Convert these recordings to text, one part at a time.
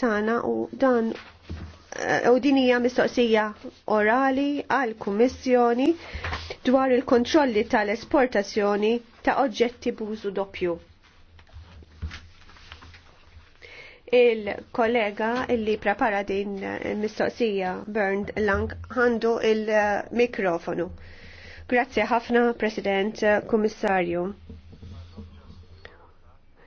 tana u dan eh, u dinija mistoqsija orali għal kummissjoni dwar il-kontrolli tal-esportazzjoni ta' oġġetti bużu doppju. Il-kollega illi prepara din mistoqsija Bernd Lang għandu il-mikrofonu. Grazie ħafna, President Kummissarju.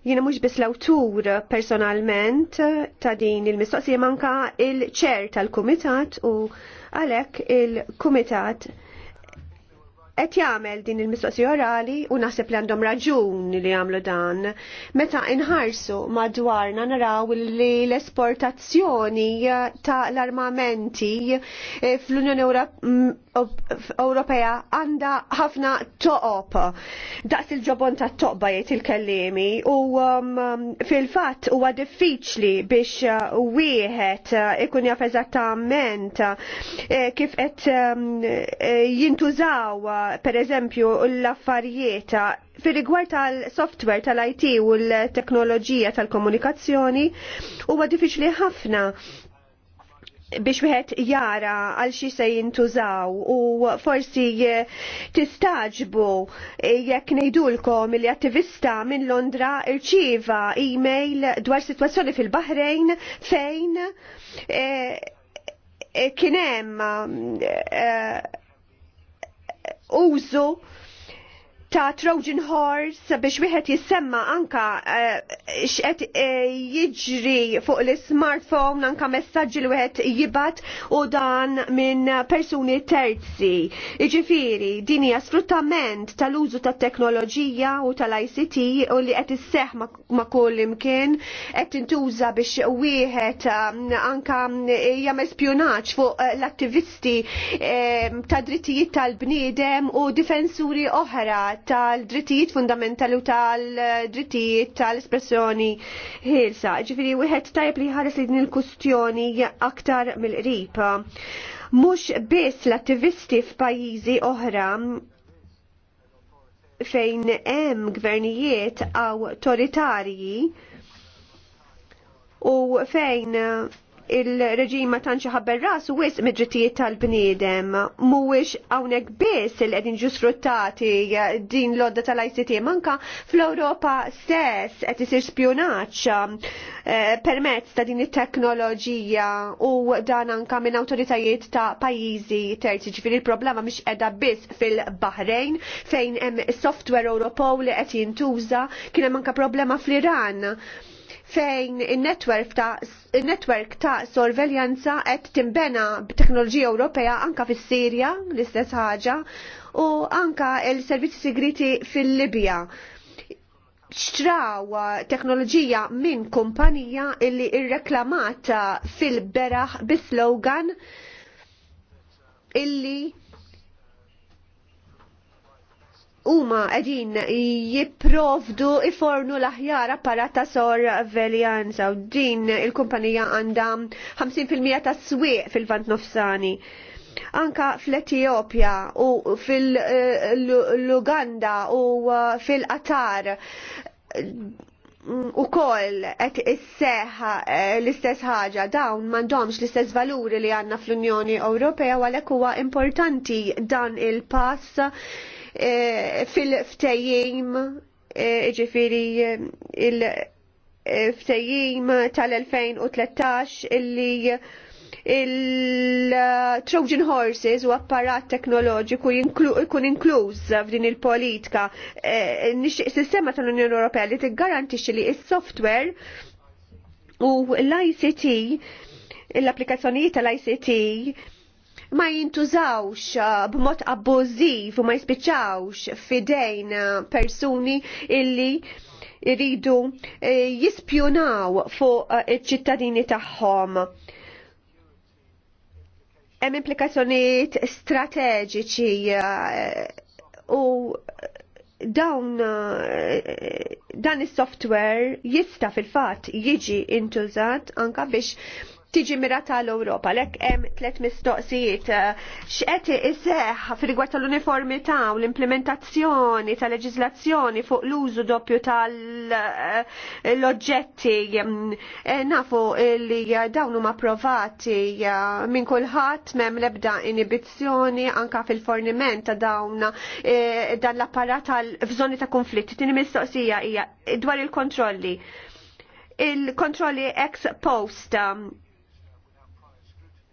Jiena mhux bis l-awtur personalment ta' din il-mistoqsija manka il-ċer tal-kumitat u għalek il-kumitat qed jagħmel din il-mistoqsija orali u naħseb li għandhom raġun li jagħmlu dan. Meta inħarsu madwarna naraw li l-esportazzjoni ta' l-armamenti fl-Unjoni Ewropea għanda ħafna toqob. Daqs il-ġobon ta' toqba jgħid il-kellimi u um, fil-fatt huwa diffiċli biex uh, wieħed uh, ikun jaf eżattament uh, kif qed um, e, jintużaw pereżempju l-affarijiet fil-rigward tal-software tal-IT u l-teknoloġija tal-komunikazzjoni huwa diffiċli ħafna biex wieħed jara għal xi se jintużaw u forsi eh, tistaġbu eh, jekk ngħidulkom li attivista minn Londra irċieva email dwar sitwazzjoni fil-Baħrejn fejn eh, kien hemm użu ta' Trojan Horse biex wieħed jissemma anka eh, x'qed eh, jiġri fuq l-smartphone anka messaġġi li wieħed jibat u dan minn persuni terzi. Iġifieri din hija sfruttament tal-użu tat-teknoloġija u tal-ICT u li qed isseħ ma' kull imkien qed tintuża biex wieħed eh, anka jagħmel spjunaġġ fuq l-attivisti ta' drittijiet tal-bniedem u difensuri oħra tal-drittijiet fundamentali u tal-drittijiet tal-espressjoni ħilsa. Ġifiri, wieħed tajb li ħares li din il-kustjoni aktar mill-qrib. Mux biss l-attivisti f'pajjiżi oħra fejn hemm gvernijiet awtoritarji u fejn il-reġim ma tantx ħabber ras u wisq mid-drittijiet tal-bniedem. Mhuwiex hawnhekk biss il qegħdin ġu sfruttati din l-odda tal-ICT manka fl-Ewropa stess qed isir spjunaġġ eh, permezz ta' din it-teknoloġija u dan anka minn awtoritajiet ta' pajjiżi terzi. Ġifieri il-problema mhix qiegħda biss fil bahrejn fejn hemm software Europol li qed jintuża kien hemm anka problema fl-Iran fejn il-netwerk ta', il ta sorveljanza qed timbena b'teknoloġija Ewropea anka fis-Sirja l-istess ħaġa u anka il-servizzi segreti fil-Libja xtraw teknoloġija minn kumpanija illi irreklamata fil-beraħ bi slogan illi huma qegħdin jipprovdu ifornu l-aħjar apparata ta' sorveljanza u din il-kumpanija għandha 50% ta' swieq fil-vant nofsani anka fl-Etiopja u fil-Luganda u fil-Qatar u koll et isseħ eh, l-istess ħaġa dawn mandomx l-istess valuri li għanna fl-Unjoni Ewropea għalek huwa importanti dan il-pass Eh, fil-ftejjim eh, ġifiri eh, il-ftejjim tal-2013 illi il-Trojan Horses u apparat teknoloġiku jkun inkluż f'din il-politika. s sistema tal-Unjoni Ewropea li tiggarantixxi li s-software u l-ICT l-applikazzjonijiet tal-ICT ma jintużawx uh, b'mod abbużiv u ma jispiċċawx fidejn uh, persuni illi jridu uh, jispjunaw fuq iċ-ċittadini tagħhom. Hemm implikazzjonijiet strateġiċi u dawn dan is-software jista' fil-fatt jiġi intużat anka biex tiġi mirata l-Europa. Lek hemm tliet mistoqsijiet. Eh, x'qed iseħħ f'rigward tal-uniformità u l-implementazzjoni tal leġizlazzjoni fuq l-użu doppju tal-oġġetti eh, nafu li dawn huma provati eh, minn kulħadd m'hemm l-ebda inibizzjoni anka fil-forniment ta' dawn dan l-apparat f'żoni ta' konflitt. Tieni mistoqsija hija dwar il-kontrolli il-kontrolli ex post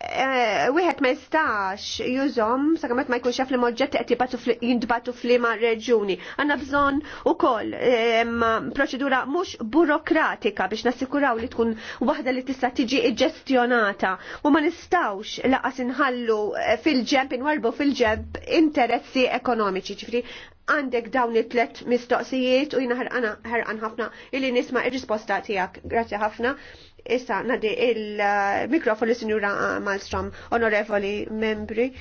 Eh, wieħed ma jistax jużom sakemm ma jkunx jaf li moġġetti qed jintbatu f'liema reġuni. Għandna bżonn ukoll eh, proċedura mhux burokratika biex nassikuraw li tkun waħda li tista' tiġi ġestjonata u ma nistgħux laqas inħallu eh, fil-ġemp inwarbu fil-ġemp interessi ekonomiċi. Ġifri għandek dawn it-tlet mistoqsijiet u jina ħarqan ħafna illi nisma' ir-risposta tiegħek. Grazzi ħafna. Issa, nadi il-mikrofonu sinjura Malstrom, onorevoli membri.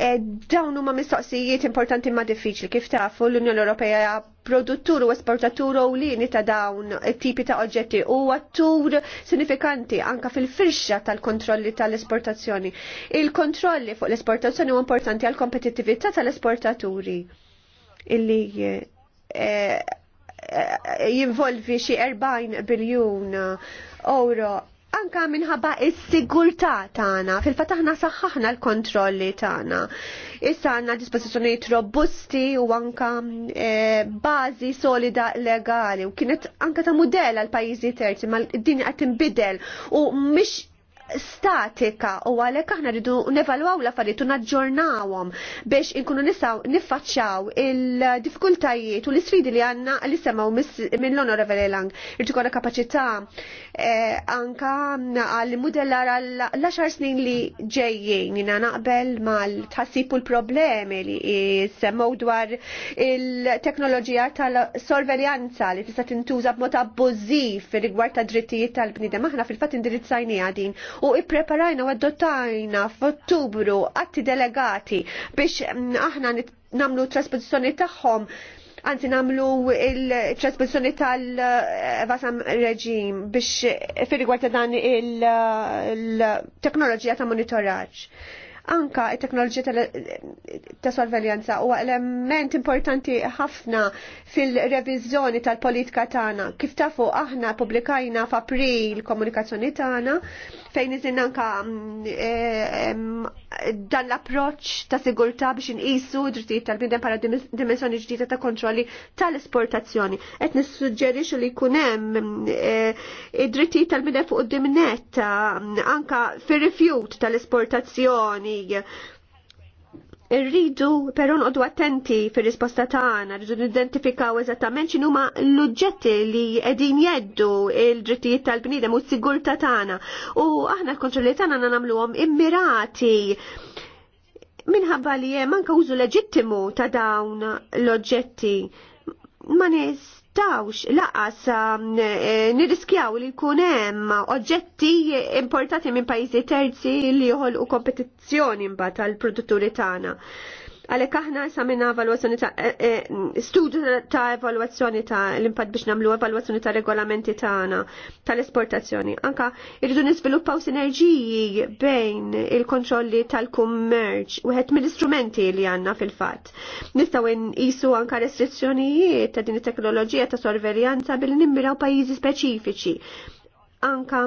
E, Dawn huma mistoqsijiet importanti ma' diffiċli kif tafu l-Unjoni Ewropea produttur u esportatur u lini ta' dawn tipi ta' oġġetti u għattur sinifikanti anka fil-firxa tal-kontrolli tal-esportazzjoni. Il-kontrolli fuq l-esportazzjoni u importanti għal kompetittività tal-esportaturi illi e, jinvolvi xi 40 biljun euro anka minħabba is-sigurtà tagħna. Fil-fatt aħna saħħaħna l-kontrolli tagħna. Issa għandna dispożizzjonijiet robusti u anka e, bażi solida legali u kienet anka ta' mudell għal pajjiżi terzi ma din qed tinbidel u mhix statika u għalhekk aħna rridu nevalwaw l-affarijiet u naġġornawhom biex inkunu nistgħu niffaċċjaw il-diffikultajiet u l-isfidi li għandna li semgħu minn l-Onorevoli Lang. Irġu kolla kapaċità eh, anka għal modellar għal 10 snin li ġejjin jina naqbel mal-tħassib u l-problemi li semmew dwar il-teknoloġija tal-sorveljanza li tista' tintuża b'mod abbużiv rigward ta' drittijiet tal-bniedem. Aħna fil-fatt indirizzajnija din u ippreparajna u adottajna f'Ottubru atti delegati biex mm, aħna namlu trasposizjoni tagħhom għanzi namlu il-trasposizjoni tal-vasam reġim biex fil-rigward dan il-teknoloġija ta' monitoraġġ. Anka il teknoloġija ta' sorveljanza huwa element importanti ħafna fil-reviżjoni tal-politika tagħna. Kif tafu aħna publikajna f'April komunikazzjoni tagħna fejn iżin anka mm, dan l-approċċ ta' sigurtà biex inqisu drittijiet tal bidem bħala dimensjoni ġdida ta' kontrolli tal-esportazzjoni. Qed nissuġġerixu li jkun hemm mm, e, id-drittijiet tal bidem fuq id-dimnetta mm, anka fir-rifjut tal-esportazzjoni Irridu però nqodu attenti fir risposta tagħna, rridu nidentifikaw eżattament x'inhuma l-oġġetti li qegħdin jeddu il-drittijiet tal-bniedem u s-sigurtà tagħna. U aħna l-kontrolli tagħna nagħmluhom immirati minħabba li hemm anke użu leġittimu ta' dawn l-oġġetti ma nis naċċettawx laqas um, eh, nirriskjaw li jkun hemm oġġetti importati minn pajjiżi terzi li joħolqu kompetizzjoni mbagħad tal-produtturi tagħna. Għalhekk aħna issa evaluazzjoni evalwazzjoni ta' e, e, studju ta' evalwazzjoni ta' l impad biex nagħmlu evalwazzjoni ta' regolamenti tagħna tal-esportazzjoni. Anka irridu niżviluppaw sinerġiji bejn il-kontrolli tal-kummerċ wieħed mill-istrumenti li għandna fil-fatt. Nistgħu nqisu anka restrizzjonijiet ta' din it-teknoloġija ta' sorveljanza billi nimmiraw pajjiżi speċifiċi anka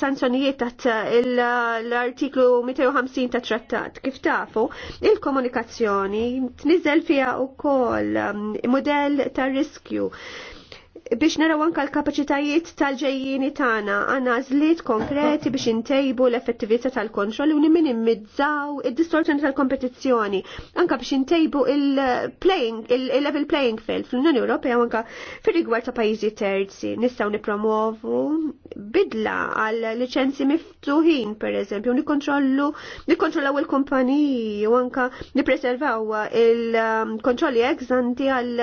sanzjonijiet taħt l-artiklu 250 ta' trattat. Kif tafu, il-komunikazzjoni tniżel fija u kol model ta' riskju biex naraw anka l-kapacitajiet tal-ġejjini tagħna għandna żliet konkreti biex intejbu l-effettività tal-kontroll u nimminimizzaw id-distorsjoni tal-kompetizzjoni anka biex intejbu il-playing il-level playing field fl-Unjoni Ewropea u anka fir-rigward ta' pajjiżi terzi nistgħu nipromovu bidla għal liċenzi miftuħin pereżempju nikkontrollu nikkontrollaw il-kumpaniji u anka nipreservaw il-kontrolli um, ex għal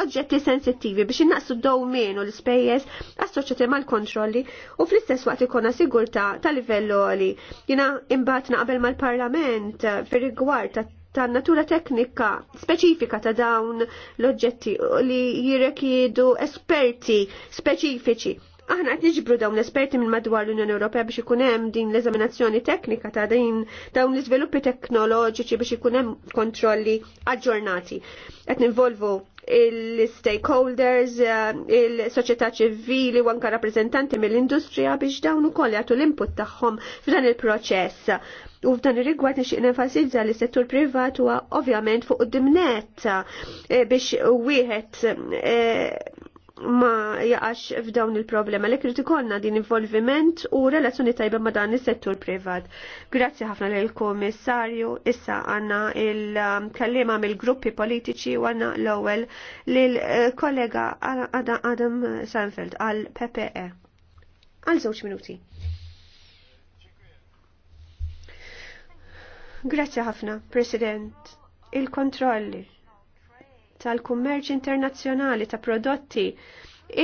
oġġetti sensittivi biex innaqsu d meno l-ispejjeż assoċjati mal-kontrolli u fl-istess waqt ikona sigurtà ta' livell għoli. Jina imbagħad naqbel mal-Parlament fir-rigward ta' ta' natura teknika speċifika ta' dawn l-oġġetti li jirrekjedu esperti speċifiċi Aħna qed niġbru dawn l-esperti minn madwar l-Unjoni Ewropea biex ikun hemm din l-eżaminazzjoni teknika ta' din dawn l-iżviluppi teknoloġiċi biex ikun hemm kontrolli aġġornati. Qed involvu il-stakeholders, eh, il-soċjetà ċivili u anke rappreżentanti mill-industrija biex dawn ukoll jagħtu l-input tagħhom f'dan il-proċess. U f'dan ir-rigward nixtieq nenfasizza li settur privat huwa ovvjament fuq id-dimnet eh, biex wieħed eh, ma jaqax f'dawn il-problema li kritu konna din involviment u relazzjoni tajba ma dan is-settur privat. Grazzi ħafna l komissarju issa għanna il-kallima mill-gruppi politiċi u għanna l-ewwel lill-kollega eh, Adam Sanfeld għal PPE. Għal żewġ minuti. Grazzi ħafna, President. Il-kontrolli tal-kummerċ internazzjonali ta' prodotti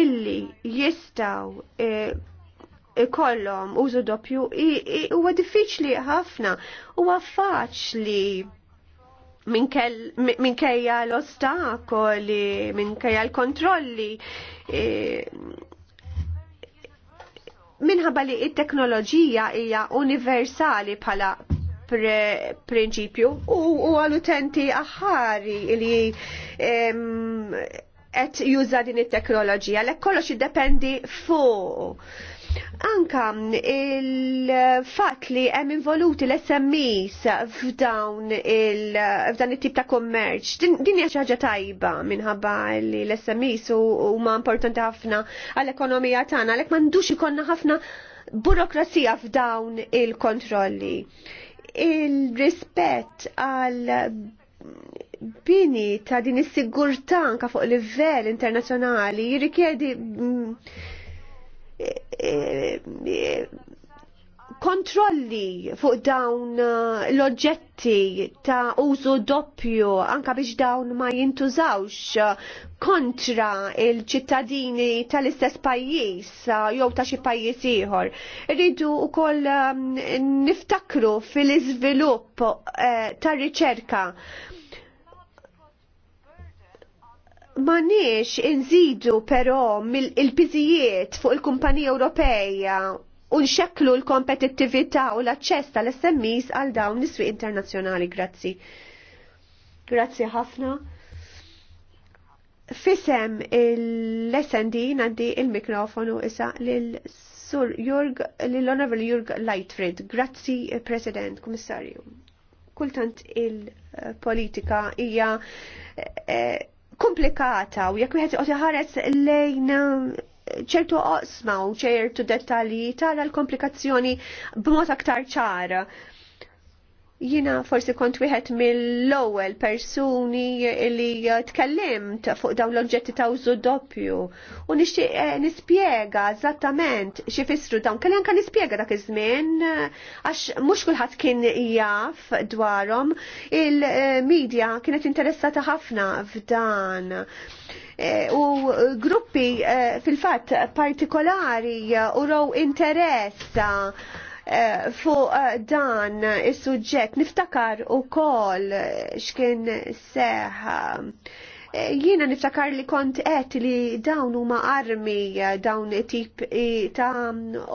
illi jistaw e, ikollhom e, e użu doppju huwa diffiċli ħafna huwa faċli minkejja l-ostakoli, minkejja l-kontrolli. E, minħabba li it-teknoloġija hija universali bħala prinċipju u għal-utenti aħari li qed juża din it-teknoloġija, l kollox jiddependi fuq. Anka il-fat li hemm involuti l-SMEs f'dawn f'dan it-tip ta' kommerċ, din hija xi ħaġa tajba minħabba li l-SMEs huma importanti ħafna għall-ekonomija tagħna, għalhekk m'għandux ikonna ħafna burokrazija f'dawn il-kontrolli il-rispett għal bini ta' din is-sigurtà anke fuq livell internazzjonali jirrikjedi mm, e, e, kontrolli fuq dawn uh, l-oġġetti ta' użu doppju anka biex dawn ma jintużawx uh, kontra il-ċittadini tal-istess pajjiż uh, jew ta' xi pajjiż ieħor. Rridu wkoll um, niftakru fil-iżvilupp tar riċerka ma nix inżidu però mill-piżijiet fuq il-kumpanija Ewropeja u l-kompetittività u l-aċċess tal-SMEs għal dawn niswi internazzjonali. Grazzi. Grazzi ħafna. Fisem l-SND nandi il-mikrofonu issa lil-Sur Jurg, l-Honorable Jurg Lightfried. Grazzi, President, Komissarju. Kultant il-politika hija eh, komplikata u jekk wieħed iqgħod ħares lejn ċertu oqsma u ċertu dettalji tara l-komplikazzjoni b'mod aktar ċara. Jina forsi kont wieħed mill-ewwel persuni li eh, tkellimt fuq dawn l-oġġetti ta' użu doppju u nixtieq eh, nispjega eżattament xi fissru dawn. Kelli anke nispjega dak iż-żmien eh, għax mhux kulħadd kien jaf dwarhom. Il-medja kienet interessata ħafna f'dan. U gruppi fil-fatt partikolari u row interess Eh, fuq eh, dan is-suġġett niftakar ukoll x'kien seħħ Eh, jiena niftakar li kont qed li dawn huma armi eh, dawn tip eh, ta'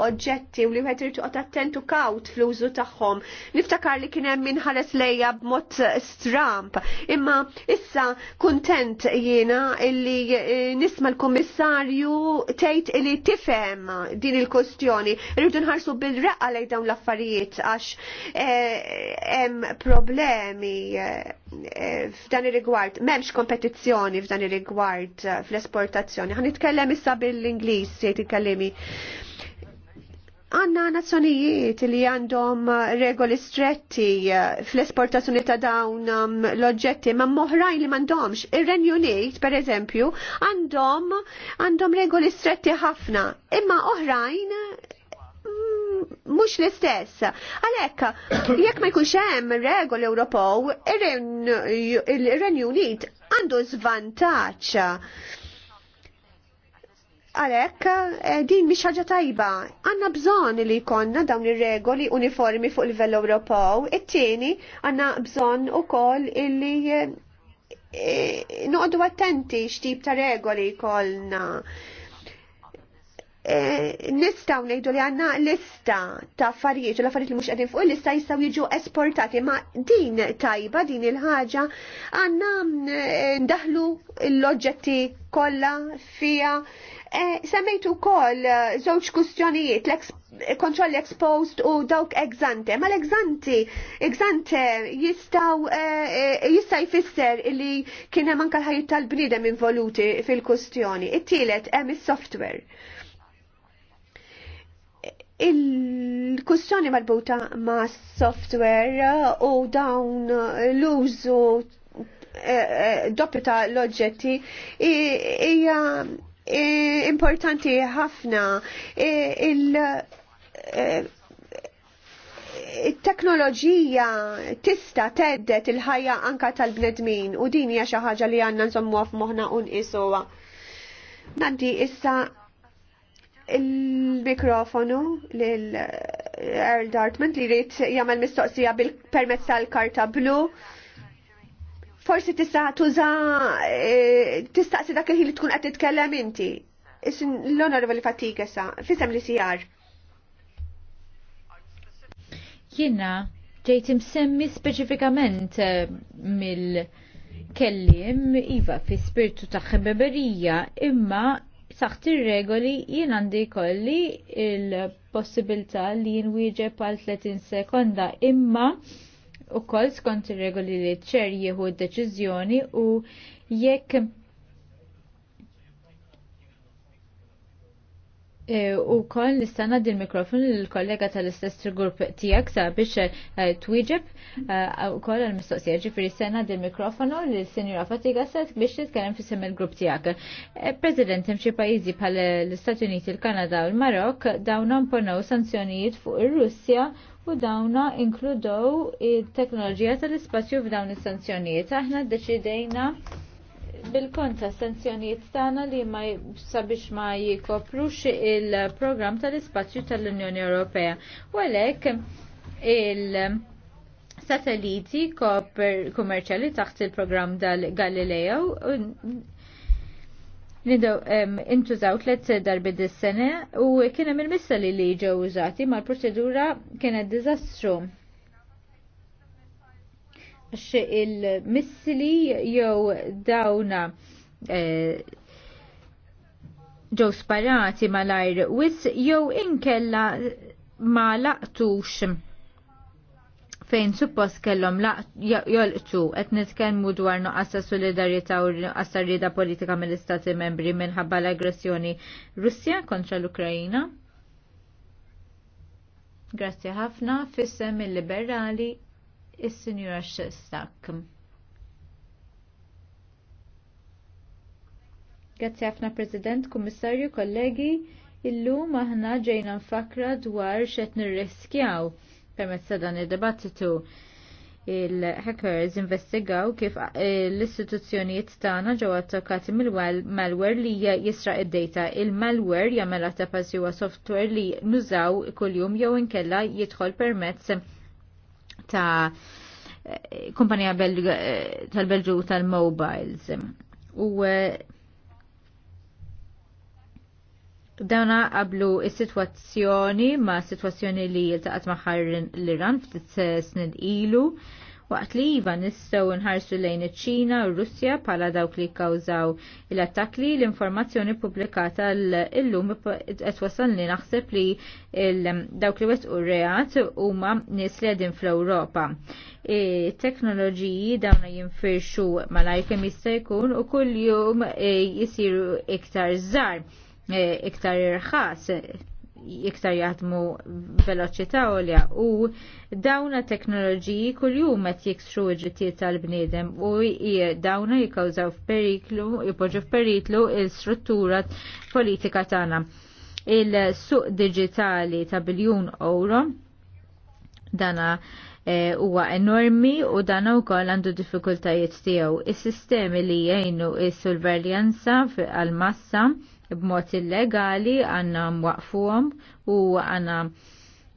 oġġetti u li wieħed irid toqgħod attentu kawt fl-użu tagħhom. Niftakar li kien hemm inħares lejja b'mod stramp. Imma issa kuntent jiena illi nisma l-kummissarju tgħid li tifhem din il-kustjoni. Irridu nħarsu bil-reqqa lejn dawn l-affarijiet għax hemm problemi Eh, f'dan ir-rigward m'hemmx kompetizzjoni f'dan ir-rigward eh, fl-esportazzjoni. Għan nitkellem issa bil-Ingliż jgħid ikellimi. Għanna nazzjonijiet li għandhom eh, regoli stretti fl-esportazzjoni ta' dawn um, l-oġġetti ma' moħrajn li m'għandhomx. Ir-Renju Unit, per eżempju, għandhom regoli stretti ħafna, imma oħrajn mhux l-istess. Għalhekk, jekk ma jkunx hemm regoli Ewropew, ir-Renju Unit għandu żvantaġġ. Għalhekk eh, din mhix ħaġa tajba. Għandna bżonn li jkollna dawn ir-regoli uniformi fuq livell Ewropew. It-tieni għandna bżonn ukoll illi eh, noqdu attenti x'tip ta' regoli jkollna Eh, nistaw nejdu li għanna lista ta' affarijiet u l-affarijiet li mux għedin fuq lista jistaw jiġu esportati ma' din tajba din il-ħaġa għanna eh, ndaħlu l-oġġetti kolla fija eh, semmejtu kol żewġ kustjonijiet kontrolli exposed u dawk egzante. Ma l-egzanti, egzante jistaw jista jfisser li kiena manka l-ħajt tal-bnidem involuti fil-kustjoni. It-tielet hemm is-software Il-kussjoni marbuta ma' software u dawn l-użu eh, eh, doppita ta' l-oġġetti hija importanti ħafna il- eh, teknoloġija tista teddet il-ħajja anka tal-bnedmin u din hija xi ħaġa li għandna nżommuha f'moħħna u nqisuha. Nandi issa il-mikrofonu l-Earl Dartmouth li rrit jagħmel mistoqsija bil-permezz tal-karta blu. Forsi tista' tuża e, tistaqsi dak il-ħin li tkun qed titkellem inti. L-onorevoli fatika sa, fisem li sijar. Jiena ġejt imsemmi speċifikament e, mill-kellim iva fi spirtu ta' ħebeberija imma Saħt ir-regoli jien għandi kolli il-possibilità li jinwieġeb għal 30 sekonda imma u kol skont ir-regoli li ċer jieħu d-deċiżjoni u jekk E, u kol nistana din mikrofon l-kollega tal-istess grupp tijak sa biex twieġeb e, u kol għal-mistoqsija ġifri sena din mikrofonu l-senjura Fatiga sa biex titkellem fi sem il-grupp tijak. President, imxie pajizi pal l-Stati Uniti, il-Kanada u l-Marok dawna mponaw sanzjonijiet fuq il-Russja u dawna inkludow il-teknoloġija tal-ispazju f'dawn is-sanzjonijiet. Aħna deċidejna bil-konta sanzjonijiet tagħna li ma sabiex ma jikoprux il-programm tal-ispazju tal-Unjoni Ewropea. U għalhekk il- satelliti kummerċali taħt il-programm dal-Galileo Nidaw, intużaw tlet darbi dis-sena u kienem il-missa li li ġew użati mal proċedura kienet diżastru il-missili jew dawna eh, ġew sparati mal-ajr wis jew inkella ma laqtux fejn suppost kellhom jolqtu qed nitkellmu dwar nuqqas ta' solidarjetà u nuqqas rieda politika mill-Istati Membri minħabba l-aggressjoni Russja kontra l-Ukrajina. Grazzi ħafna fissem il-liberali is-Sinjura Stak. Grazzi ħafna President, Kummissarju, kollegi, illum aħna ġejna nfakra dwar xet nirriskjaw permezz ta' dan id-dibattitu il-hackers investigaw kif eh, l-istituzzjonijiet tagħna ġew attakkati mill-malware li jisraq id-data. Il-malware jagħmel attapassju software li nużaw kuljum jew inkella jidħol permezz ta' kumpanija tal-Belġu tal-Mobiles. U eh, dawna qablu is-sitwazzjoni ma' sitwazzjoni li jiltaqat maħħar l-Iran ftit snin ilu waqt li iva nistgħu nħarsu lejn iċ-Ċina u Russja bħala dawk li kkawżaw il-attak li l-informazzjoni pubblikata llum qed wasalni naħseb li dawk li wettqu reat huma nies li għedin fl-Ewropa. E, teknoloġiji dawna jinfirxu malajr kemm jista' jkun u kull jum e, jisiru iktar żar e, iktar irħas iktar jaħdmu veloċità għolja u dawna teknoloġiji kuljum qed jiksru ġittijiet tal-bniedem u dawna jikkawżaw f'periklu, jipoġġu f'periklu il-struttura politika tagħna. Il-suq digitali ta' biljun euro dana eh, huwa eh, enormi u dan ukoll għandu diffikultajiet tiegħu. Is-sistemi li jgħinu is-surveljanza għal-massa b'mod illegali għanna mwaqfuhom u għanna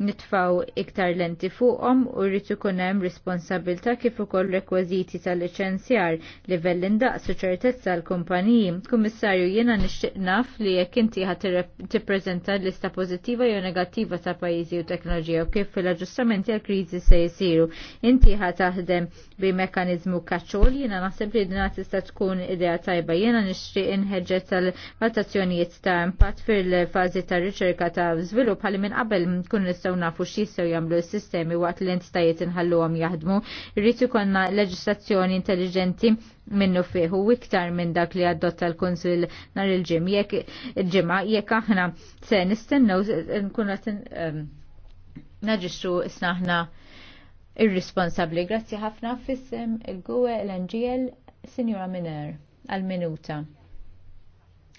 nitfaw iktar lenti fuqhom u rrid ikun hemm responsabilta kif ukoll rekwiżiti tal-liċenzjar livell indaqs u ċertezza l-kumpaniji. Kummissarju jiena nixtieq naf li jekk inti ħad tippreżenta lista pożittiva jew negattiva ta' pajjiżi u teknoloġija u kif fil-aġġustamenti għall kriżi se jsiru. Inti ħad taħdem bi mekanizmu kaċċol jina naħseb li dina tista' tkun idea tajba jina nishtri inħedġet tal valtazzjonijiet ta' impatt fil-fażi ta' riċerka ta' zvilup, ħalli minn qabel kun nistgħu nafu x'jistgħu jagħmlu s-sistemi waqt li entitajiet inħalluhom jaħdmu. rritu konna leġislazzjoni intelligenti minnu fiħu iktar minn dak li għaddotta l-Konsil nar il-ġim. Jek il-ġimma, jek aħna se nistennew nkun għatin naġiċu snaħna irresponsabbli. Grazzi ħafna fissem il-gwe l-NGL Signora Miner għal-minuta.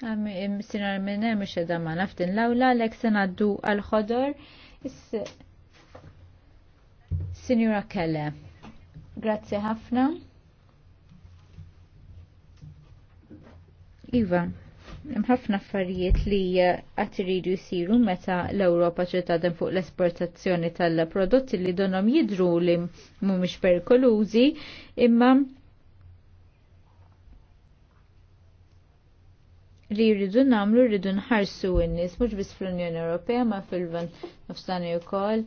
Signora Miner mux edha ma naftin l-awla l-ek senaddu għal-ħodor. Signora Kelle. Grazzi ħafna. Iva. Hemm ħafna affarijiet li eh, qatt iridu jsiru meta l-Ewropa ċetadem fuq l-esportazzjoni tal-prodotti li donom jidru li mhumiex perikolużi imma li rridu namlu rridu nħarsu n-nis, mux bis fl-Unjoni Ewropea ma fil-van nofstani u koll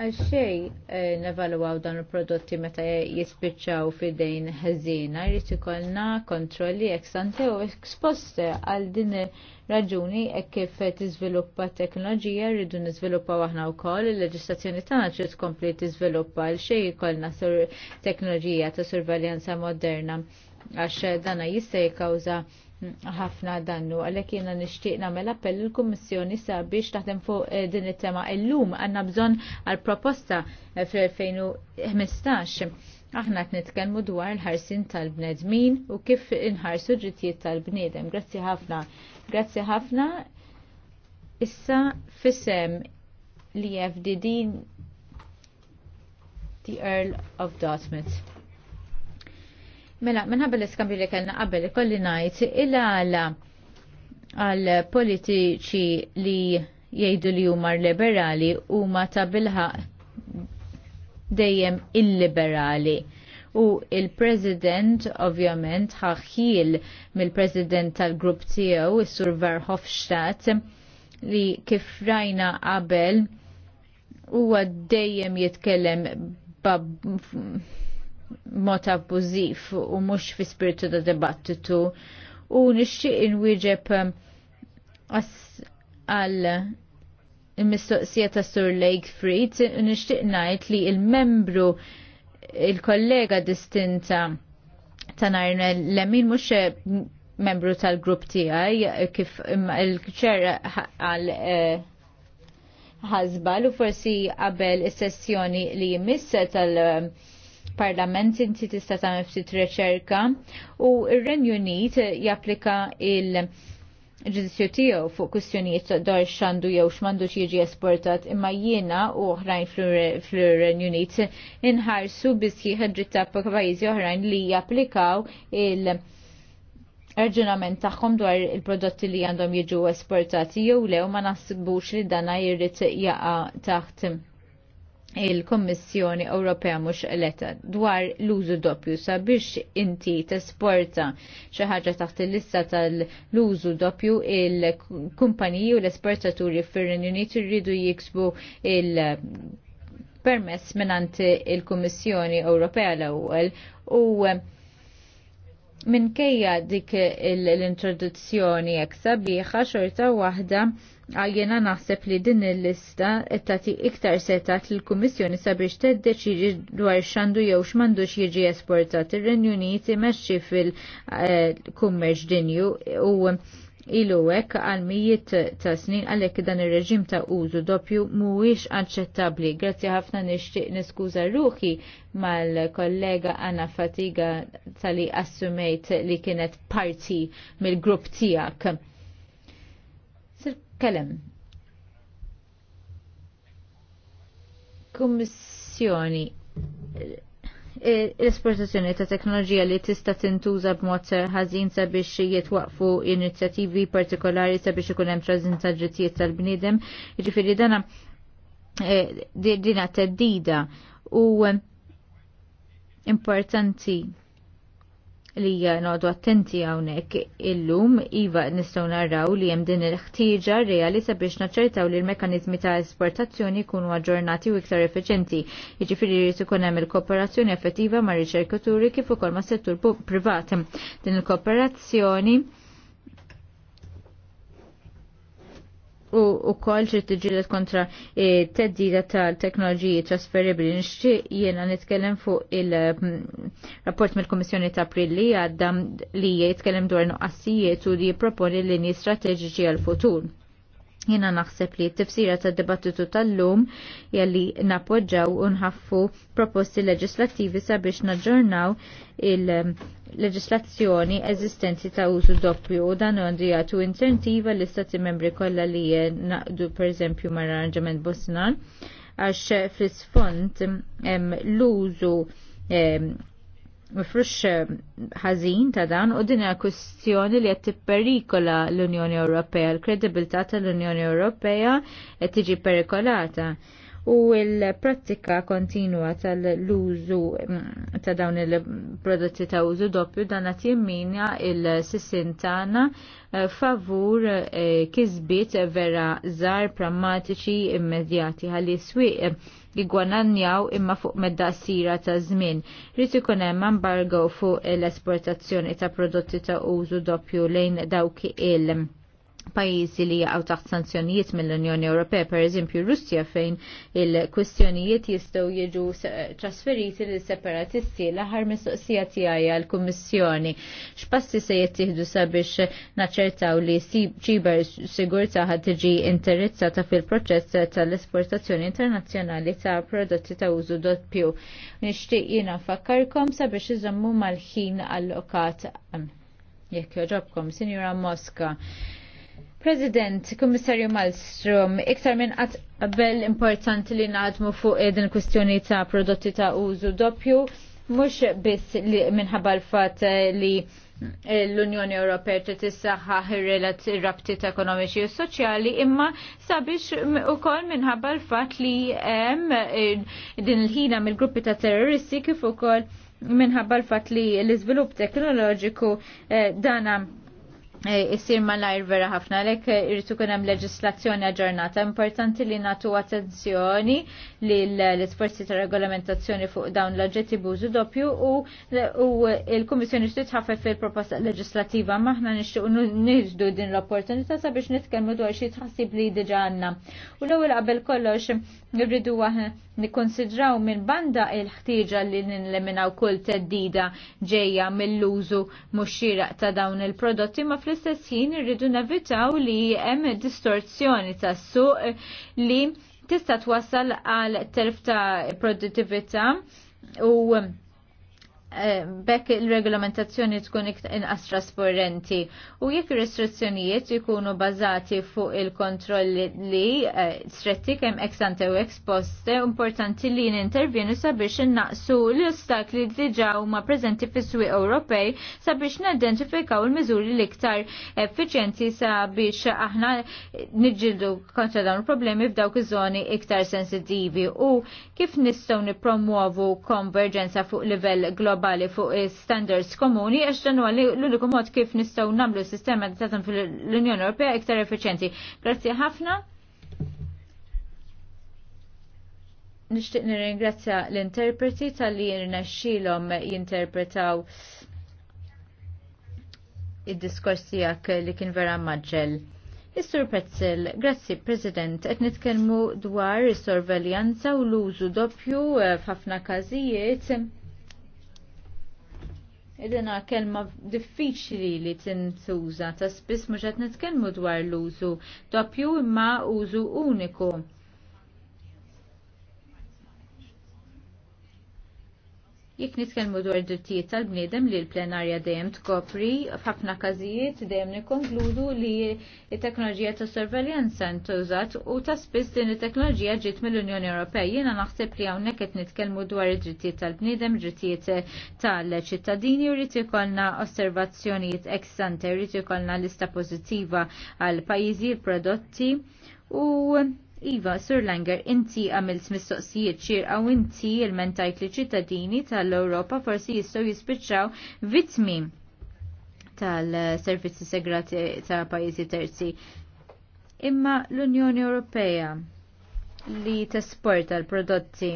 Għal xej eh, nevaluaw dan il-prodotti meta jispiċċaw fidejn ħazina, jrid ikollna kontrolli ex ante u ex poste għal din raġuni e kif tiżviluppa teknoloġija rridu niżviluppa aħna wkoll il-leġislazzjoni tagħna trid tkompli tiżviluppa għal xej ikollna teknoloġija ta' surveljanza moderna għax dana jista' jikkawża ħafna dannu għalhekk jiena nixtieq nagħmel appell il-Kummissjoni sabiex taħdem fuq eh, din it-tema illum għandna bżonn għal proposta eh, fl-2015. Aħna qed nitkellmu dwar il-ħarsin tal-bnedmin u kif inħarsu drittijiet tal-bniedem. Grazzi ħafna. Grazzi ħafna. Issa fisem li FDD the Earl of Dartmouth. Mela, minħabba l iskambi li kellna qabel ikolli ngħid il-għala għal politiċi li jgħidu li huma liberali huma ta' bilħa dejjem illiberali. U il-President ovvjament ħaħħil mill-President tal-grupp tiegħu, is-Sur Verhofstadt, li kif rajna qabel huwa dejjem jitkellem mod abbużiv u mhux fi spiritu ta' dibattitu u nixtieq inwieġeb um, għal il-mistoqsija ta' Sur Lake Freed nixtieq ngħid li il-membru il-kollega distinta ta' narna l-emin membru tal-grupp tiegħi kif il-ċer għal eh, ħazbal u forsi qabel is-sessjoni li jmiss tal- parlament inti tista' tagħmel ftit riċerka u r-Renju Unit japplika il- ġudizzju tiegħu fuq kwistjonijiet dwar x'għandu jew x'mandu jiġi esportat imma jiena u oħrajn fl-Renju Unit inħarsu biss jieħed ta' pajjiżi oħrajn li japplikaw il- Arġunament tagħhom dwar il-prodotti li għandhom jiġu esportati jew lew ma naħsibux li dana jirrid jaqa' taħt il-Kommissjoni Ewropea mhux eletta dwar l-użu doppju sabiex inti tesporta xi ħaġa taħt il-lista tal-użu doppju il-kumpaniji u l-esportaturi fir-Renju Unit irridu jiksbu il- permess minant il-Kummissjoni Ewropea l-ewwel u minkejja dik l-introduzzjoni jekk sabiħa xorta waħda għajjena naħseb li din il-lista tagħti iktar setat l-Kummissjoni sabiex teddeċiġi dwar xandu jew x'mandux jiġi esportat ir-Renju meċċi imexxi fil-kummerċ eh, dinju u ilu hekk għal mijiet ta' snin għalhekk dan ir-reġim ta' użu doppju mhuwiex aċċettabbli. Grazzi ħafna nixtieq niskuża ruħi mal-kollega Anna Fatiga tal-li assumejt li kienet parti mill-grupp tiegħek. Sir kellem. Kummissjoni l-esportazzjoni ta' teknoloġija li tista' tintuża b'mod ħażin sabiex jitwaqfu inizjattivi partikolari sabiex ikun hemm trażin ta' drittijiet tal-bniedem. Jiġifieri dana eh, dina teddida u importanti li nodu attenti għawnek illum iva nistaw narraw li jem din il-ħtijġa reali sabiex naċċertaw li l-mekanizmi ta' esportazzjoni kunu aġġornati u iktar effiċenti. Jiġifieri jrid ikun hemm il-kooperazzjoni effettiva ma' riċerkaturi kif ukoll ma' settur privat. Din il-kooperazzjoni u wkoll trid ġilet kontra e, teddida tal-teknoloġiji trasferibbli nixtieq jiena nitkellem fuq il-rapport mm, mill-Kummissjoni ta' April li għadda li jitkellem dwar nuqqassijiet u li jipproponi linji strateġiċi għal-futur jina naħseb li t-tifsira ta' dibattitu tal-lum jalli napoġġaw unħaffu proposti leġislattivi sabiex naġġornaw il-leġislazzjoni eżistenti ta' użu doppju u dan għandu jgħatu incentiva l-istati membri kollha li naqdu per eżempju mar arranġament Bosnan għax fl-isfond l-użu mifrux eh, ħażin ta' dan u din hija kwestjoni li qed tipperikola l-Unjoni Ewropea, l-kredibilità tal-Unjoni Ewropea qed tiġi perikolata u l-prattika kontinua tal-użu mm, ta' dawn il-prodotti ta' użu doppju dan qed jimminja il-sissin tagħna eh, favur eh, kisbiet vera żar prammatiċi immedjati ħalli swieq jigwananjaw eh, imma fuq medda sira ta' żmien. Rrid ikun hemm embargo fuq l-esportazzjoni ta' prodotti ta' użu doppju lejn dawk il- pajjiżi li għaw taħt sanzjonijiet mill-Unjoni Ewropea, pereżempju Russja fejn il-kwistjonijiet jistgħu jiġu eh, trasferiti lil separatisti l-aħħar mistoqsija tiegħi għal kummissjoni X'passi se jittieħdu sabiex naċċertaw li ċiber sigurtà ħad tiġi interessata fil-proċess tal-esportazzjoni internazzjonali ta' prodotti ta' użu doppju. Nixtieq jiena fakkarkom sabiex iżommu mal-ħin allokat jekk joġobkom, Sinjura Mosca. President, Kummissarju Malmström, iktar minn qatt qabel importanti li naħdmu fuq eh, din kwistjoni ta' prodotti ta' użu doppju, mhux biss li minħabba l-fatt eh, li eh, l-Unjoni Ewropea trid tissaħħaħ ir-rabtiet ekonomiċi u soċjali imma sabiex ukoll minħabba l-fatt li hemm din il-ħina mill-gruppi ta' terroristi kif ukoll minħabba l-fatt li l-iżvilupp teknoloġiku dana Eh, issir malajr vera ħafna lek eh, irritu kunem leġislazzjoni aġġornata. Importanti li natu attenzjoni li l-isforzi ta' regolamentazzjoni fuq dawn l ġetti bużu doppju u il-Kummissjoni xtiet ħafef fil-proposta leġislativa maħna nixtieq nizdu din l-opportunità sabiex nitkellmu dwar xi tħassib li diġa għandna. U l-ewwel qabel kollox nirridu nikonsidraw minn banda il-ħtieġa li nilleminaw kull teddida ġejja mill-użu mhux xieraq ta' dawn il-prodotti ma fl-istess ħin irridu nevitaw li hemm distorzjoni tas-suq li tista' twassal għal terf ta' produttività u Eh, bekk il-regolamentazzjoni tkun inqas trasparenti u jekk restrizzjonijiet ikunu bażati fuq il-kontrolli li eh, stretti kemm ex ante u ex post eh, importanti li nintervjenu sabiex innaqsu l-ostakli li diġà huma preżenti fis-swieq Ewropej sabiex nidentifikaw il-miżuri l-iktar effiċjenti sabiex aħna niġġieldu kontra dawn il-problemi f'dawk iż-żoni iktar sensittivi u kif nistgħu nippromuovu konverġenza fuq livell globali globali fuq standards komuni għax dan huwa l-uniku mod kif nistgħu nagħmlu s-sistema tagħhom fil-Unjoni Ewropea iktar effiċjenti. Grazzi ħafna. Nixtieq nirringrazzja l-interpreti tal-li xilom jinterpretaw id-diskors tiegħek li kien vera maġġel. Is-Sur Pretzel, grazzi President, qed nitkellmu dwar is-sorveljanza u l-użu doppju f'ħafna każijiet Idina kelma diffiċli li tintuża ta' spiss mhux qed nitkellmu dwar l-użu doppju imma użu uniku. Jek nitkellmu dwar drittijiet tal-bniedem li l-plenarja dejjem tkopri, f'ħafna każijiet dejjem nikkonkludu li t-teknoloġija ta' sorveljanza ntużat u ta' spiss din it-teknoloġija ġiet mill-Unjoni Ewropea. Jiena naħseb li hawnhekk qed nitkellmu dwar id-drittijiet tal-bniedem, drittijiet tal-ċittadini u rrid ikollna osservazzjonijiet ex ante, rrid ikollna lista pożittiva għal pajjiżi, prodotti u Iva, Sir Langer, inti għamilt mistoqsijiet ċirqa u inti il-mentajt li ċittadini tal-Europa forsi jistgħu jispiċċaw vittmi tal-servizzi segrati ta' pajjiżi terzi. Imma l-Unjoni Ewropea li tesporta l-prodotti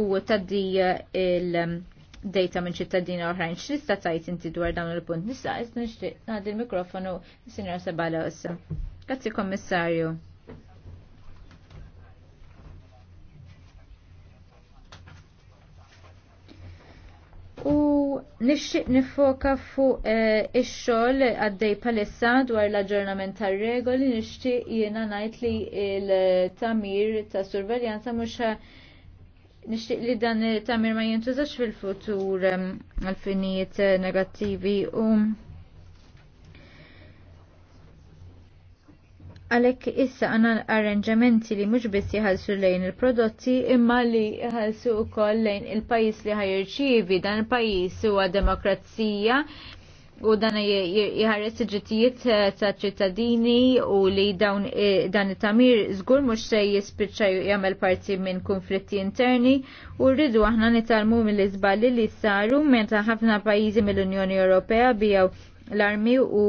u taddi il- data minn ċittadini oħrajn x'ista' tajt inti dwar dawn il-punt nista' nixtieq ngħaddi il mikrofonu is-Sinjor Sabalos. Grazzi Kommissarju. U nixtieq nifoka fuq eh, ix-xogħol għaddej palissa dwar l-aġġornament tar-regoli nixtieq jiena ngħid li l-tamir ta' surveljanza mhux Nixtieq li dan tamir ma jintużax fil-futur għal-finijiet negattivi u għalek issa għana arranġamenti li mux biss jħalsu lejn il-prodotti imma li jħalsu u koll lejn il-pajis li ħajrċivi dan il-pajis huwa demokrazija u dan jħares ġittijiet eh, ta' ċittadini u li dawn eh, dan it-tamir żgur mhux se jispiċċa jagħmel parti minn konflitti interni u rridu aħna nitalmu mill izballi li saru meta ħafna pajjiżi mill-Unjoni Ewropea bijaw l-armi u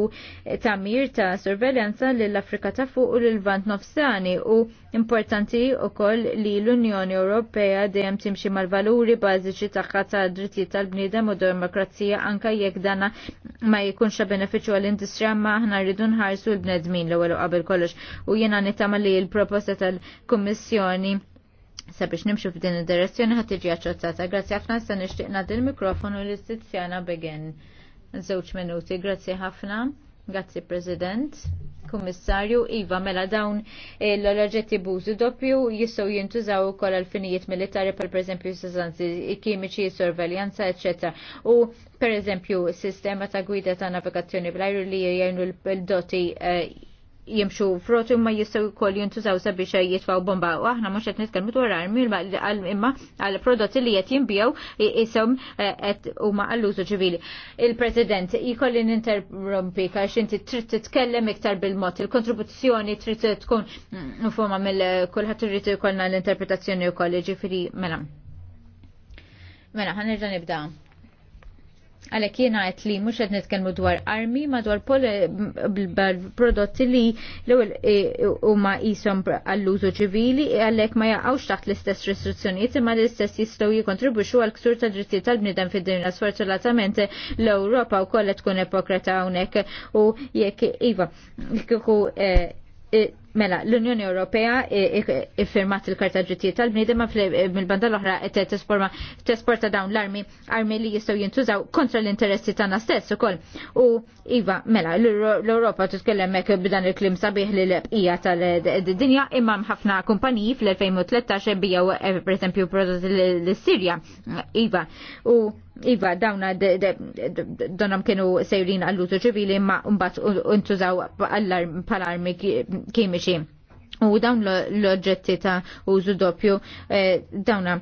tamir ta' sorveljanza l-Afrika ta' fuq u l-Vant nofsani u importanti u koll li l-Unjoni Ewropea dejjem timxi mal-valuri bażiċi tagħha ta' drittijiet tal-bniedem u demokrazija anka jekk dana ma jkunx benefiċċju għall-industrija ma aħna rridu nħarsu l-bnedmin l-ewwel qabel kollox u jiena nitama li l-proposta tal-Kummissjoni sabiex nimxu f'din id-direzzjoni ħadd tiġi aċċettata. Grazzi ħafna se nixtieq nagħti l-mikrofonu l istizzjana Begin żewġ minuti. Grazzi ħafna. Grazzi President. Kummissarju, Iva, mela dawn l-oġġetti bużu doppju jistgħu jintużaw ukoll għal-finijiet militari per preżempju sostanzi kimiċi, sorveljanza, eċetera. U per eżempju sistema ta' gwida ta' navigazzjoni bl-ajru li jajnu l-doti eh, jimxu frotu ma jistaw kol jintużaw sabiex jitfaw bomba u aħna mux qed nitkellmu dwar armi imma għal prodotti li qed jinbijaw isom eh, qed huma għall-użu ċivili. Il-President jkolli ninterrompi għax inti trid titkellem iktar bil-mod, il-kontribuzzjoni trid tkun forma mill-kulħadd irid ikollna l-interpretazzjoni wkoll ġifiri mela. Mela, ħanerġa' nibda għalek jena għet li mux għed netkelmu dwar armi ma dwar prodotti li l-ewel e, e, u ma jisom għall-użu ċivili għalek ma jaqawx taħt l-istess restrizzjonijiet ma l-istess jistaw jikontribuxu għal ksur ta' dritti tal-bnidem fid-dinja sfortunatament l-Europa u kollet tkun epokrata hawnhekk u jekk iva e, Mela, l-Unjoni Ewropea iffirmat il-Karta Ġittijiet tal bnidem ma mill-banda l-oħra qed tesporta dawn l-armi armi li jistgħu jintużaw kontra l-interessi tagħna stess ukoll. U iva, mela, l-Ewropa titkellem hekk b'dan il-klim sabiħ li l ebqija tal-dinja imma ħafna kumpaniji fl-2013 bijaw eh, pereżempju prodotti l-Sirja. Iva, u Iva, dawna donam kienu sejrin għallutu ċivili ma mbagħad untużaw pal-armi kimiċi. U dawn l-oġġetti ta' użu doppju eh, dawna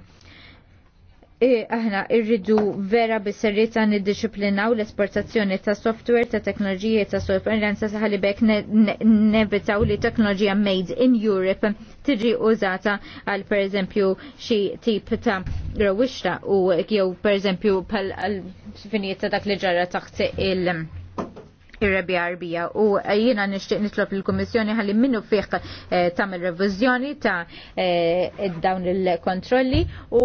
E, aħna irridu vera bis-serjetà niddisciplinaw l-esportazzjoni ta' software ta' teknoloġija ta' sorprendenza saħali bekk nevitaw li teknoloġija made in Europe tiġi użata għal per eżempju xi tip ta' rowixta u jew per eżempju pal finijiet ta' dak li ġara taħt il- ir-rebja arbija u eh, jiena nixtieq nitlob lill kummissjoni ħalli minnu fih eh, tagħmel reviżjoni ta' eh, dawn il-kontrolli u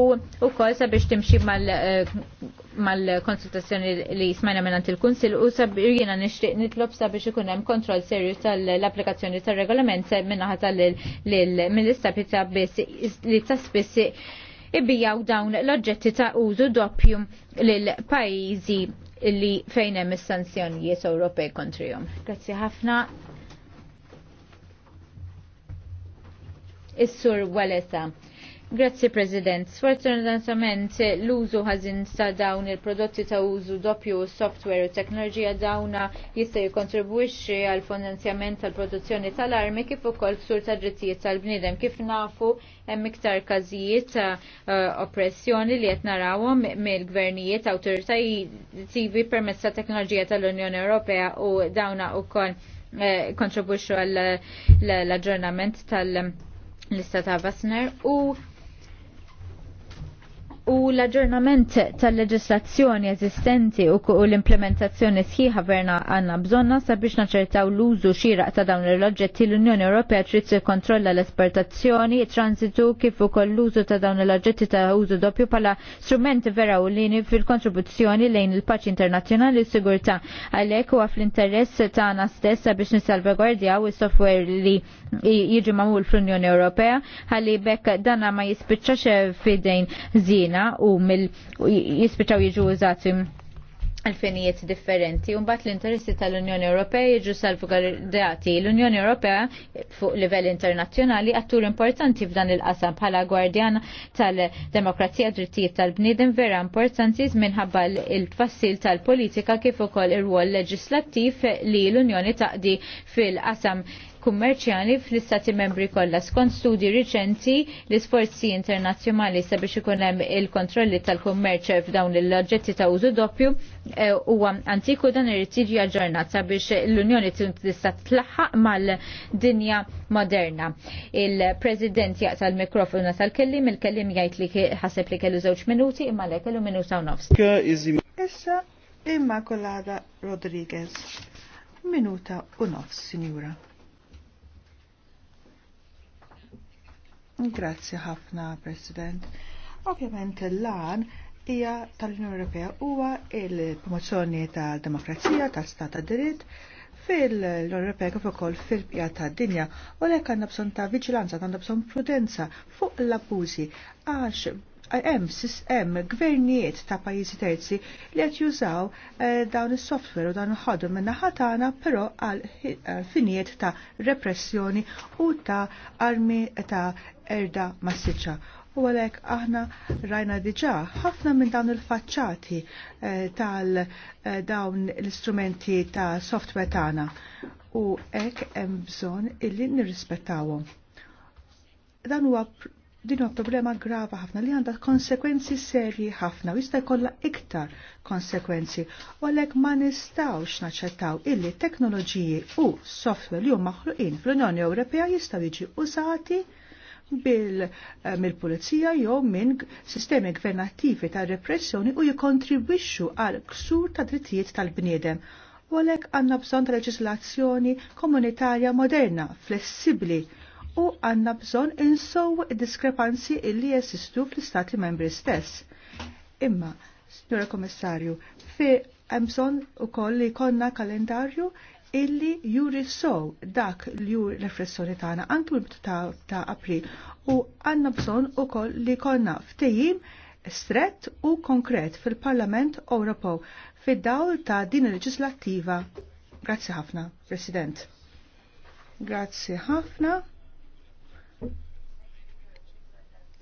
wkoll sabiex timxi mal-konsultazzjoni li jismajna minnant il-Kunsil u jiena nixtieq nitlob sabiex ikun hemm kontroll serju tal-applikazzjoni tar-regolament minnaħa tal ministra pizza ta' biss li ta' spiss ibijaw dawn l-oġġetti ta' użu doppju lil pajjiżi illi fejn hemm is-sanzjonijiet Ewropej kontrihom. Grazzi ħafna. Is-Sur Walesa. Grazzi President. Sfortunatament l-użu ħażin sa dawn il-prodotti ta' użu doppju software u teknoloġija dawna jista' jikkontribwixxi għal finanzjament tal-produzzjoni tal-armi kif ukoll sur ta' drittijiet tal-bniedem kif nafu hemm iktar każijiet ta' eh, oppressjoni li qed narawhom mill-gvernijiet awtoritattivi permezz ta' teknoloġija tal-Unjoni Ewropea u dawna wkoll eh, kontribwixxu għall aġġornament tal- l istat ta' Vassner u U l-aġġornament tal-leġislazzjoni eżistenti u l-implementazzjoni sħiħa verna għanna bżonna sabiex naċertaw l-użu xiraq ta' dawn l-oġġetti l-Unjoni Ewropea trid kontrolla l-esportazzjoni, transitu kif ukoll l-użu ta' dawn l-oġġetti ta' użu doppju pala strumenti vera u lini fil-kontribuzzjoni lejn il-paċi internazzjonali u sigurtà. Għalhekk huwa fl-interess tagħna stess sabiex nissalvagwardjaw is-software li jiġi ma'mul fl-Unjoni Ewropea ħalli bekk dana ma jispiċċax fidejn żien jina u mill jispiċaw jiġu użati għalfinijiet differenti. bat l-interessi tal-Unjoni Ewropea jiġu salvgardati. L-Unjoni Ewropea fuq livell internazzjonali għattur importanti f'dan il-qasam bħala gwardjan tal-demokrazija drittijiet tal-bniedem vera importanti minħabba il-tfassil tal-politika kif ukoll ir-rwol leġislattiv li l-Unjoni taqdi fil-qasam kummerċjali fl-istati membri kollha. Skont studji riċenti l-isforzi internazzjonali sabiex ikun hemm il-kontrolli tal-kummerċ f'dawn l oġġetti ta' użu doppju eh, huwa antiku dan irid jiġi aġġornat sabiex l-Unjoni tista' tlaħħaq mal-dinja moderna. Il-President jaqsa l-mikrofonu tal-kellim, il-kellim jgħid li ħaseb li kellu żewġ minuti imma le kellu minuta u nofs. Issa Immaculada Rodriguez. Minuta u nofs, Signora. Grazzi ħafna, President. Ovvjament l-lan hija tal-Unjoni Ewropea huwa il-promozzjoni tal-demokrazija, tal-stat ta' dritt, fil-Unjoni Ewropea kif ukoll fil-bqija tad-dinja u lek għandna bżonn ta' viġilanza, għandna bżonn prudenza fuq l-abbużi għax hemm sistem gvernijiet ta' pajjiżi terzi li qed jużaw eh, dawn is-software u dawn il-ħadu minn ħatana però għal finijiet ta' repressjoni u ta' armi ta' erda massiċa. U għalek aħna rajna diġa ħafna minn dawn il-facċati eh, tal eh, dawn l-istrumenti ta' software tagħna u hekk hemm bżonn illi nirrispettawhom. Dan huwa din huwa problema grava ħafna li għandha konsekwenzi serji ħafna u jista' jkollha iktar konsekwenzi. U għalhekk ma nistgħux naċċettaw illi teknoloġiji u software li huma maħluqin fl-Unjoni Ewropea jistgħu jiġi użati Eh, mill-pulizija jew minn sistemi gvernattivi ta' repressjoni u jikontribwixxu għal ksur ta' drittijiet tal-bniedem. U għalhekk għandna bżonn ta' leġislazzjoni komunitarja moderna, flessibbli u għandna bżonn insow diskrepanzi illi jesistu fl-istati membri stess. Imma, Signora Kommissarju, fi hemm bżonn ukoll li jkollna kalendarju illi juri sow dak li ju riflessjoni tagħna anke mill ta', ta April u għandna bżonn ukoll li konna ftejim strett u konkret fil-Parlament Ewropew fid-dawl ta' din il-leġislattiva. Grazzi ħafna, President. Grazzi ħafna.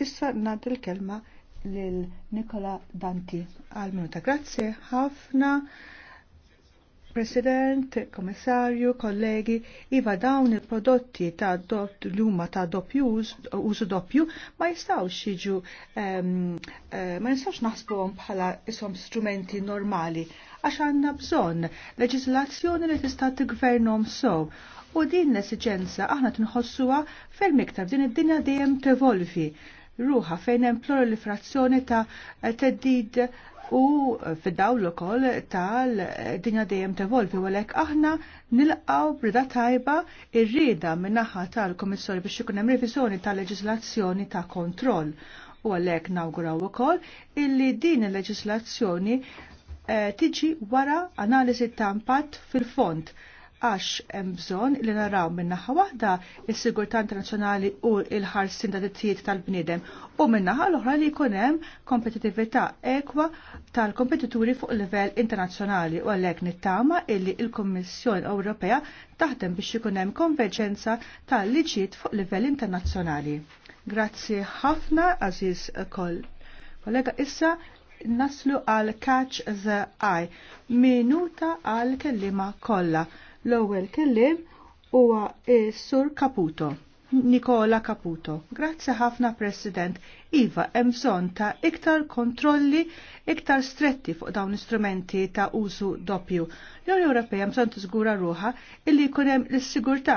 Issa nad il-kelma lil Nikola Danti għal-minuta. Grazzi ħafna. President, Komissarju, kollegi, iva dawn il-prodotti ta' l umma ta' doppju, użu doppju, ma jistawx jiġu, ehm, eh, ma jistawx naħsbuhom bħala isom strumenti normali, għax għandna bżonn leġislazzjoni li tista' tigvernhom sew. U din l-esiġenza aħna tinħossuha ferm iktar din id-dinja dejjem tevolvi ruħa fejn hemm plurifrazzjoni ta' teddid u fid-dawl ukoll tal-dinja dejjem tevolvi u għalhekk aħna nilqgħu brida tajba irrida rieda min-naħa tal komissori biex ikun hemm revizjoni tal-leġiżlazzjoni ta' kontroll u għalhekk nawguraw ukoll illi din il-leġiżlazzjoni eh, tiġi wara analiżi ta' impatt fil-fond għax hemm bżonn li naraw minn naħa waħda is-sigurtà internazzjonali u l-ħarsin ta' tittijiet tal-bniedem u minn naħa l-oħra li jkun hemm kompetitività ekwa tal-kompetituri fuq livell internazzjonali u għalhekk nittama illi l-Kummissjoni Ewropea taħdem biex ikun hemm konverġenza tal-liġijiet fuq livell internazzjonali. Grazzi ħafna, Aziz Koll. Kollega, issa naslu għal Catch the Eye, minuta għal kellima kollha L-ewwel kellim huwa Sur Caputo. Nikola Caputo. Grazzi ħafna President. Iva, hemm bżonn ta' iktar kontrolli iktar stretti fuq dawn istrumenti ta' użu doppju. L-Unjoni Ewropea bżonn tiżgura ruħa illi jkun hemm l-sigurtà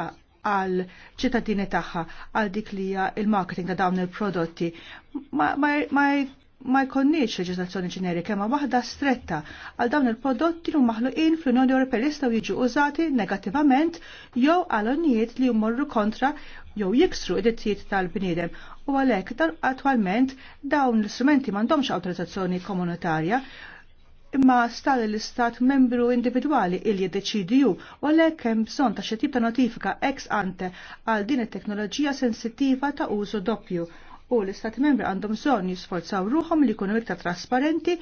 għal ċittadini tagħha għal dik li hija il-marketing ta' dawn il-prodotti. Ma, ma, ma ma jkonniex leġislazzjoni ġenerika ma waħda stretta għal dawn il-prodotti li maħluqin fl-Unjoni Ewropea jistgħu jiġu użati negattivament jew għal onnijiet li jmorru kontra jew jiksru id-dittijiet tal-bniedem. U għalhekk dan attwalment dawn l-istrumenti m'għandhomx awtorizzazzjoni komunitarja imma stal l-istat membru individwali il jiddeċidiju u għalhekk hemm bżonn ta' xi tip ta' notifika ex ante għal din it-teknoloġija sensittiva ta' użu doppju u l-Istati membri għandhom bżonn jisforzaw ruħom li jkunu iktar trasparenti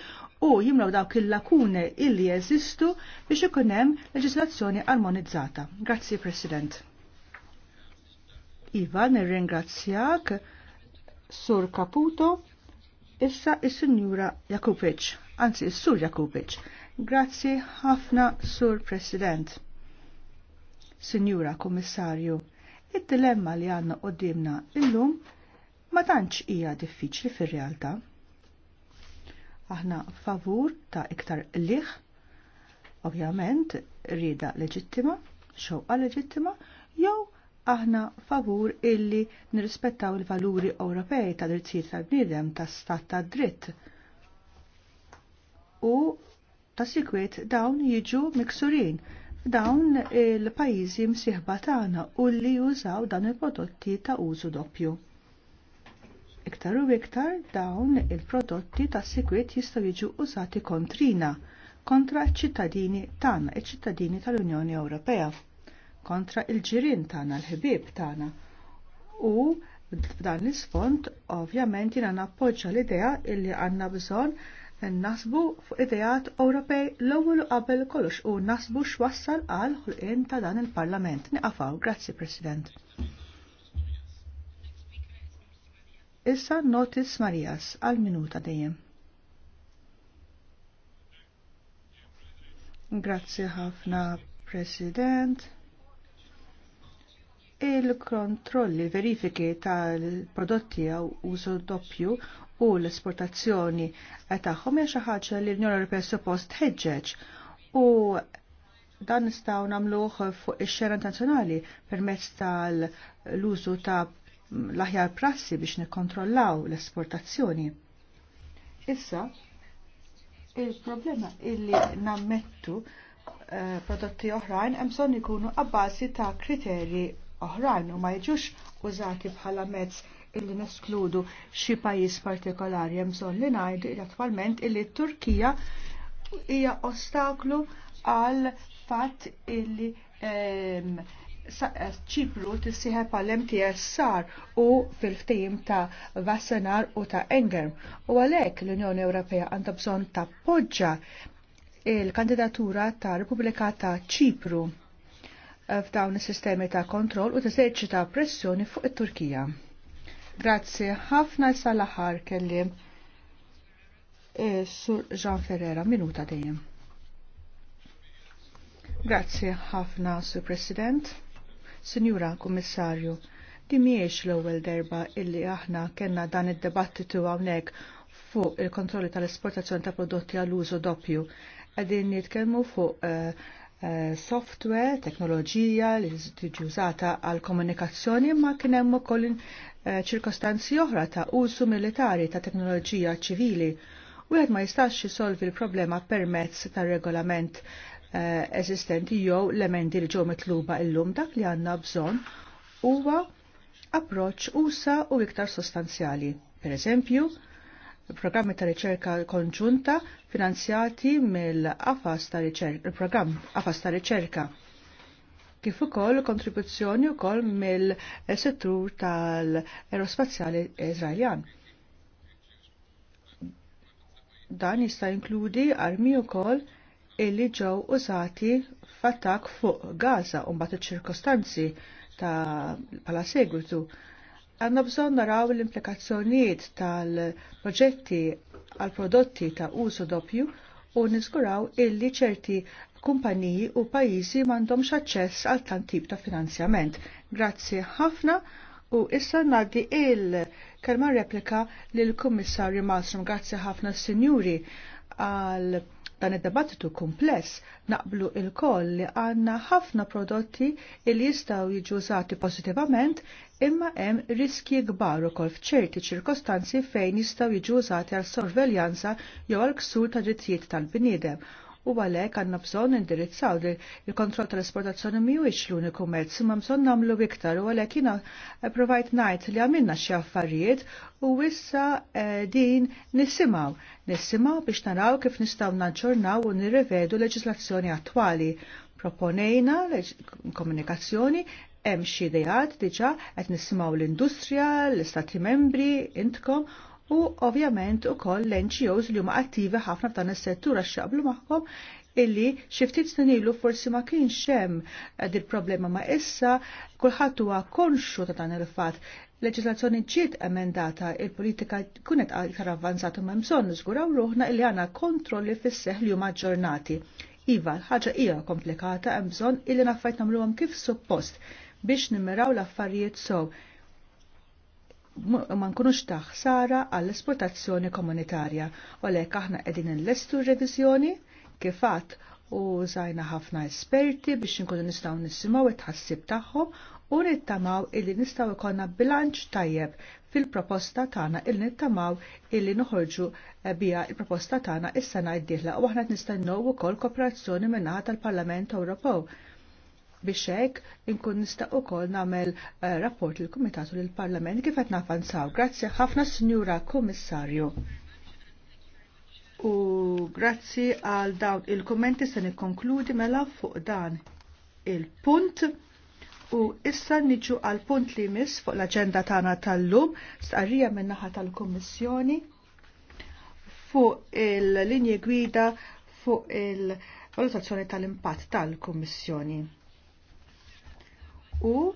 u jimlaw dawk il-lakune illi jeżistu biex ikun hemm leġislazzjoni armonizzata. Grazzi President. Iva, nirringrazzjak Sur Caputo, issa is-Sinjura Jakubic, anzi is-Sur Jakubic. Grazzi ħafna Sur President. Sinjura Kommissarju, id-dilemma li għanna qoddimna illum ma tantx hija diffiċli fir-realtà. Aħna favur ta' iktar liħ, ovvjament rida leġittima, xewqa leġittima, jew aħna favur illi nirrispettaw il-valuri Ewropej ta' drittijiet tal-bniedem ta' stat ta' dritt. U ta' sikwiet dawn jiġu miksurin f'dawn il-pajjiżi msieħba tagħna u li jużaw dan il-prodotti ta' użu doppju. Iktar u iktar dawn il-prodotti ta' sikwit jistgħu jiġu użati kontrina kontra ċittadini tagħna, iċ-ċittadini tal-Unjoni Ewropea, kontra il-ġirien tagħna, l-ħbieb tagħna. U f'dan l-isfond ovvjament jiena nappoġġa l-idea illi għandna bżonn nasbu fuq idejat Ewropej l-ewwel qabel kollox u nasbu x'wassal għal ħulqien ta' dan il-Parlament. Niqafaw, grazzi President. Issa notis Marijas għal minuta dejjem. Grazzi ħafna, President. Il-kontrolli verifiki tal-prodotti għaw użu doppju u l-esportazzjoni tagħhom hija xi ħaġa li l-Unjoni Ewropea suppost tħeġġeġ u dan nistgħu nagħmluh fuq ix-xera internazzjonali permezz tal-użu ta' l-aħjar prassi biex nikkontrollaw l-esportazzjoni. Issa, il-problema illi nammettu eh, prodotti oħrajn hemm bżonn ikunu abbażi ta' kriterji oħrajn u ma jiġux użati bħala mezz illi neskludu xi pajjiż partikolari hemm bżonn li ngħidu attwalment illi t-Turkija hija ostaklu għal fatt illi eh, Eh, ċipru t-siħab għal MTS MTSR u fil-ftejim ta' Vassenar u ta' Engerm. U għalhekk l-Unjoni Ewropea għandha bżonn tappoġġa il-kandidatura ta' Repubblika ta' ċipru f'dawn is-sistemi ta' kontroll u teżerċita pressjoni fuq it-Turkija. Grazzi ħafna sal kellim eh, Sur Jean Ferrera, minuta dejjem. Grazie ħafna, Sur President. Sinjura Kummissarju, di miex l-ewwel derba illi aħna kena dan id-debattitu hawnhekk fuq il-kontrolli tal-esportazzjoni ta' prodotti għall-użu doppju. Qegħdin nitkellmu fuq eh, eh, software, teknoloġija li tiġi użata għal komunikazzjoni ma kien hemm ukoll eh, ċirkostanzi oħra ta' użu militari ta' teknoloġija ċivili. Wieħed ma jistax jisolvi l-problema permezz ta' regolament Eh, eżistenti jew l-emendi li ġew mitluba illum dak li għandna bżonn huwa approċċ usa u iktar sostanzjali. Per eżempju, programmi ta' riċerka konġunta finanzjati mill-AFAS ta' riċerka, il-programm AFAS ta' riċerka kif ukoll kontribuzzjoni wkoll mill-settur tal-aerospazjali Izraeljan. Dan jista' jinkludi armi wkoll illi ġew użati f'attak fuq Gaza u mbagħad iċ-ċirkostanzi ta' bħala segwitu. Għandna bżonn naraw l-implikazzjonijiet tal-proġetti għal prodotti ta' użu doppju u niżguraw illi ċerti kumpaniji u pajjiżi m'għandhomx aċċess għal tant tip ta' finanzjament. Grazzi ħafna u issa ngħaddi il-kelma replika lill kummissarju Malmström. Grazzi ħafna, Sinjuri, għal dan id-debattitu kumpless naqblu il-koll li għanna ħafna prodotti li jistaw jiġu pozitivament imma hemm riski kbar ukoll f'ċerti ċirkostanzi fejn jistaw jiġu għal sorveljanza jew għal ksur ta' drittijiet tal-bniedem u għalhekk għandna bżonn indirizzaw li il kontroll tal-esportazzjoni mhuwiex l-uniku mezz imma bżonn nagħmlu iktar u għalhekk jiena eh, provajt ngħid li għamilna xi affarijiet u issa eh, din nisimgħu. Nisimgħu biex naraw kif nistgħu naġġornaw u nirrevedu leġislazzjoni attwali. Proponejna komunikazzjoni hemm xi ideat diġà qed nisimgħu l-industrija, l-istati membri, intkom u ovvjament ukoll l-NGOs li huma attivi ħafna f'dan is-settur għax xaqblu magħhom illi xiftit snilu forsi ma kienx hemm dil problema ma issa kulħadd huwa konxu ta' dan il-fatt. Leġislazzjoni ġiet emendata il-politika kunet aktar avvanzata ma' bżonn niżguraw ruħna illi għandna kontrolli fis-seħ li huma aġġornati. Iva, l-ħaġa hija komplikata hemm bżonn illi naffajt nagħmluhom kif suppost biex nimmiraw l-affarijiet sew. So ma nkunux ta' ħsara għall-esportazzjoni komunitarja. U lek aħna qegħdin nlestu r-reviżjoni kif għadd u żajna ħafna esperti biex inkunu nistgħu nisimgħu it-tħassib tagħhom u nittamaw illi nistgħu jkollna bilanċ tajjeb fil-proposta tagħna il nittamaw illi noħorġu eh, bija il-proposta tagħna is-sena d-dieħla u aħna nistennew ukoll kooperazzjoni min-naħa tal-Parlament Ewropew biex hekk inkun nista' ukoll nagħmel eh, rapport il-Kumitatu lill-Parlament kif qed nafanzaw. Grazzi ħafna Sinjura Kummissarju. U grazzi għal dawn il-kummenti se nikkonkludi mela fuq dan il-punt. U issa niġu għal punt li mis fuq l-aġenda tagħna tal-lum stqarrija min-naħa tal-Kummissjoni fuq il-linji gwida fuq il-valutazzjoni tal-impatt tal-Kummissjoni u